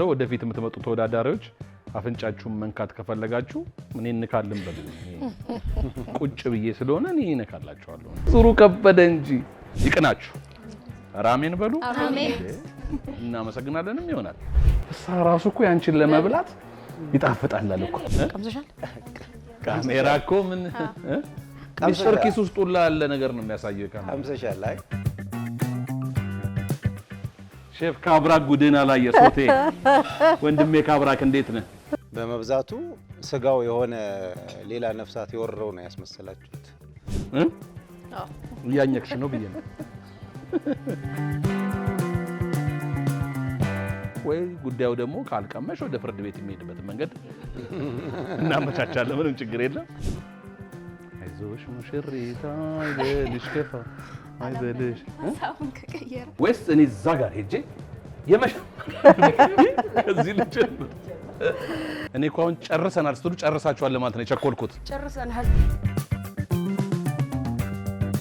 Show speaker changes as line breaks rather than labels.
ተነስተው ወደፊት የምትመጡ ተወዳዳሪዎች አፍንጫችሁን መንካት ከፈለጋችሁ እኔ እንካልን በ ቁጭ ብዬ ስለሆነ እኔ እነካላችኋለሁ። ጥሩ ከበደ እንጂ ይቅናችሁ። ራሜን በሉ። እናመሰግናለንም ይሆናል። እሳ ራሱ እኮ ያንቺን ለመብላት ይጣፍጣል አለ እኮ። ካሜራ እኮ ምን ሚስጥር ኪስ ውስጥ ሁላ ያለ ነገር ነው የሚያሳየው። ሼፍ ካብራክ ጉድህን አላየ ወንድሜ ካብራክ እንዴት ነህ?
በመብዛቱ ስጋው የሆነ ሌላ ነፍሳት የወረረው ነው ያስመሰላችሁት።
እያኘክሽ ነው ብዬ ነው ወይ ጉዳዩ ደግሞ ካልቀመሽ ወደ ፍርድ ቤት የሚሄድበት መንገድ እናመቻቻለን። ምንም ችግር የለም። አይዞሽ ሙሽሪታ ልሽከፋ አይዘልሽ ወይስ እኔ እዛ ጋር ሄጄ የመሸ ልጅ እኔ እኮ አሁን ጨርሰናል ስትሉ ጨርሳችኋል ለማለት ነው የቸኮልኩት። ጨርሰናል